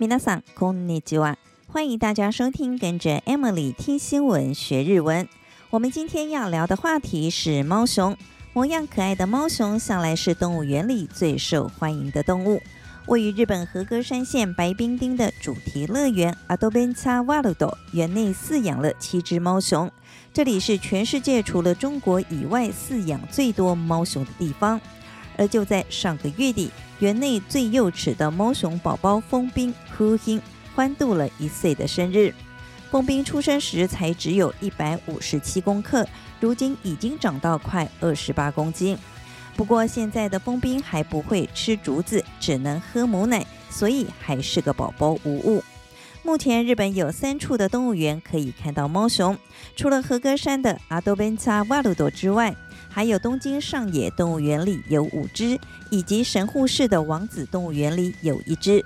皆さんこんにちは。歡迎大家收聽，跟着 Emily 聽新聞學日文。我們今天要聊的話題是貓熊。模樣可愛的貓熊向來是動物園裡最受歡迎的動物。位於日本和歌山縣白濱町的主題樂園アドベンチャーワールド園內飼養了七隻貓熊。這裡是全世界除了中國以外飼養最多貓熊的地方。而就在上個月底，園內最幼齒的貓熊寶寶楓濱 Huhin 歡度了一歲的生日。楓濱出生時才只有一百五十七公克，如今已經長到快二十八公斤。不過現在的楓濱還不會吃竹子，只能喝母奶，所以還是個寶寶無誤。目前日本有三處的動物園可以看到貓熊，除了和歌山的阿多本查瓦魯朵之外。還有東京上野動物園裡有五隻，以及神戶市的王子動物園裡有一隻。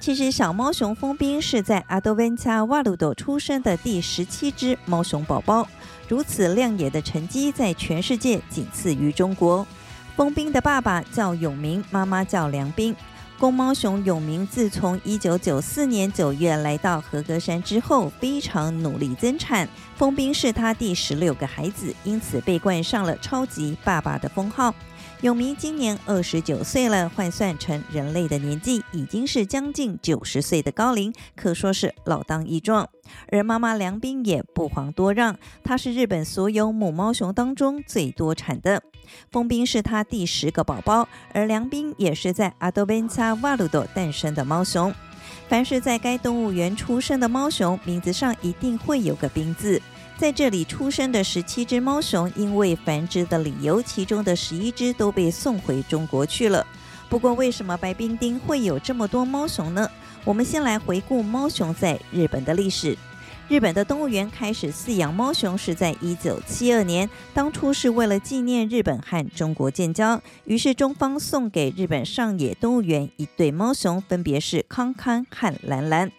其實小貓熊楓濱是在アドベンチャーワールド出生的第十七隻貓熊寶寶，如此亮眼的成績在全世界僅次於中國。楓濱的爸爸叫永明，媽媽叫良濱。公貓熊永明自從1994年9月來到和歌山之後，非常努力增產。楓濱是他第十六個孩子，因此被冠上了“超級爸爸”的封號。永明今年二十九歲了，換算成人類的年紀，已經是將近九十歲的高齡，可說是老當益壯。而媽媽良濱也不遑多讓，她是日本所有母貓熊當中最多產的。楓濱是她第十個寶寶，而良濱也是在阿多溫薩瓦魯多誕生的貓熊。凡是在該動物園出生的貓熊，名字上一定會有個“濱”字。在這裡出生的十七隻貓熊，因為繁殖的理由，其中的十一隻都被送回中國去了。不過，為什麼白濱町會有這麼多貓熊呢？我們先來回顧貓熊在日本的歷史。日本的動物園開始飼養貓熊是在一九七二年，當初是為了紀念日本和中國建交，於是中方送給日本上野動物園一對貓熊，分別是康康和蘭蘭。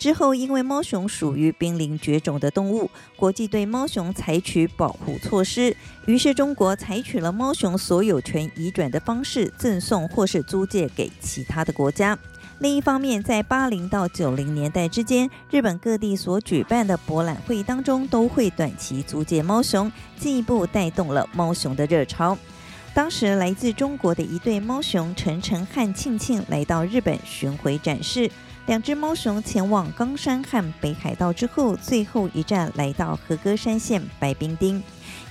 之後，因為貓熊屬於瀕臨絕種的動物，國際對貓熊採取保護措施，於是中國採取了貓熊所有權移轉的方式贈送或是租借給其他的國家。另一方面，在八零到九零年代之間，日本各地所舉辦的博覽會當中，都會短期租借貓熊，進一步帶動了貓熊的熱潮。當時來自中國的一對貓熊晨晨和慶慶來到日本巡回展示。兩隻貓熊前往岡山和北海道之後，最後一站來到和歌山縣白濱町。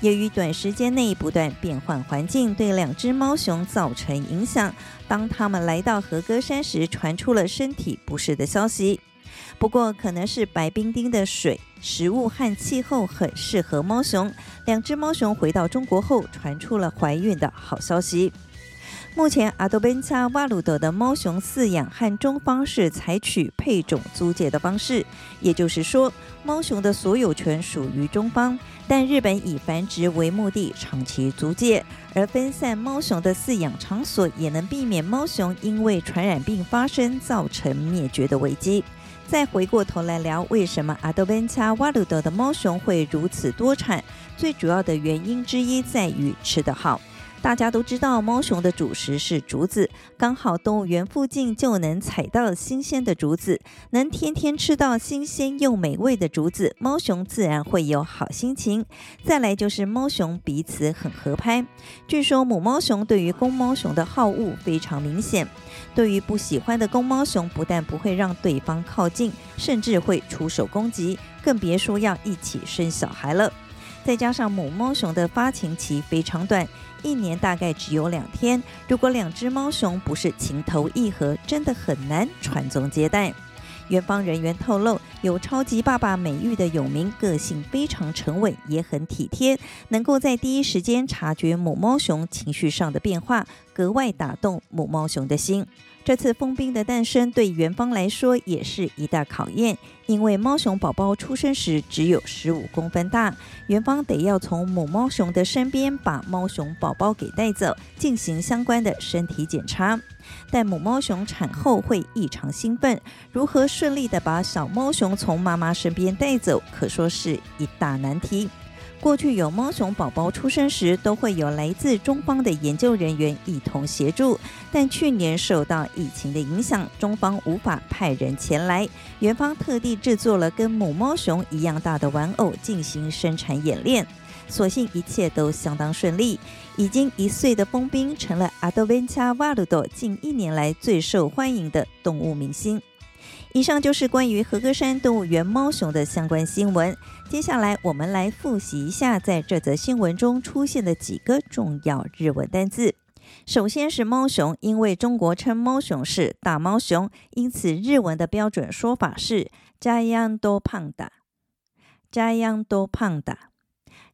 由於短時間內不斷變換環境，對兩隻貓熊造成影響。當它們來到和歌山時，傳出了身體不適的消息。不過，可能是白濱町的水、食物和氣候很適合貓熊。兩隻貓熊回到中國後，傳出了懷孕的好消息。目前，阿德本恰瓦魯德的貓熊飼養和中方是採取配種租借的方式，也就是說，貓熊的所有權屬於中方，但日本以繁殖為目的長期租借，而分散貓熊的飼養場所也能避免貓熊因為傳染病發生造成滅絕的危機。再回過頭來聊，為什麼阿德本恰瓦魯德的貓熊會如此多產？最主要的原因之一在於吃得好。大家都知道，貓熊的主食是竹子。剛好動物園附近就能採到新鮮的竹子，能天天吃到新鮮又美味的竹子，貓熊自然會有好心情。再來就是貓熊彼此很合拍。據說母貓熊對於公貓熊的好惡非常明顯，對於不喜歡的公貓熊，不但不會讓對方靠近，甚至會出手攻擊，更別說要一起生小孩了。再加上母貓熊的發情期非常短。一年大概只有兩天，如果兩隻貓熊不是情投意合，真的很難傳宗接代。園方人員透露，有“超級爸爸”美譽的永明個性非常沉穩，也很體貼，能夠在第一時間察覺母貓熊情緒上的變化，格外打動母貓熊的心。這次楓濱的誕生對園方來說也是一大考驗，因為貓熊寶寶出生時只有十五公分大，園方得要從母貓熊的身邊把貓熊寶寶給帶走，進行相關的身體檢查。但母貓熊產後會異常興奮，如何順利地把小貓熊從媽媽身邊帶走，可說是一大難題。過去有貓熊寶寶出生時，都會有來自中方的研究人員一同協助，但去年受到疫情的影響，中方無法派人前來，園方特地制作了跟母貓熊一樣大的玩偶進行生產演練。所幸一切都相當順利。已經一歲的楓濱成了阿德維查瓦魯多近一年來最受歡迎的動物明星。以上就是關於和歌山動物園貓熊的相關新聞。接下來我們來複習一下在這則新聞中出現的幾個重要日文單字。首先是貓熊，因為中國稱貓熊是大貓熊，因此日文的標準說法是 anta, “ジャイアントパンダ”。ジャイアントパンダ。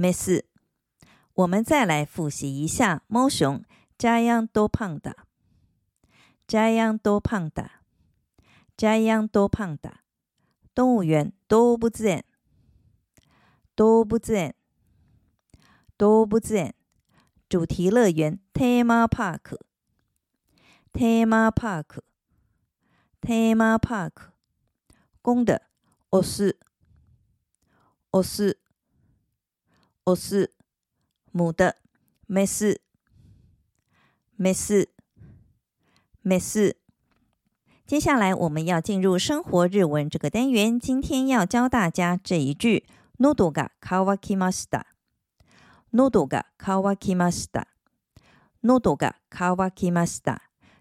沒事，我們再來複習一下貓熊。ジャイアントパンダ？ジャイアントパンダ？ジャイアントパンダ？動物園どうぶつえん，どうぶつえん，どうぶつえん。主題樂園，テーマパーク，テーマパーク，テーマパーク。公的，オス，オス。我是母的，沒事，沒事，沒事。接下來我們要進入生活日文這個單元。今天要教大家這一句“喉が渇きました”。喉が渇きました。喉が渇きました。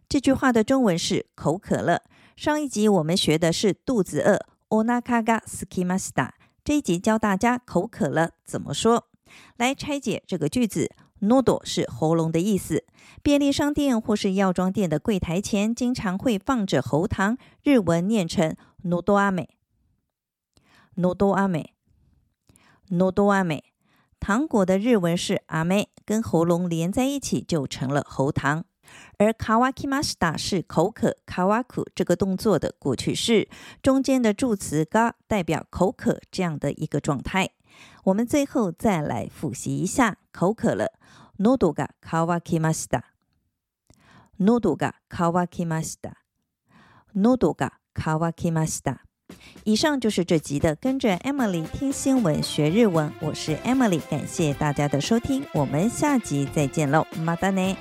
這句話的中文是“口渴了”。上一集我們學的是“肚子餓”，お腹が空きました。這一集教大家“口渴了”怎麼說。來拆解這個句子，nodo 是喉嚨的意思。便利商店或是藥妝店的櫃台前經常會放着喉糖，日文念成 nodoame，nodoame，nodoame。糖果的日文是 ame，跟喉嚨連在一起就成了喉糖。而 kawakimashita 是口渴，kawaku 這個動作的過去式，中間的助詞 ga 代表口渴這樣的一個狀態。我們最後再來複習一下，口渴了，のどが渇きました，のどが渇きました，のどが渇きました，以上就是這集的，跟着 Emily 聽新聞學日文，我是 Emily，感謝大家的收聽，我們下集再見嘍，またね。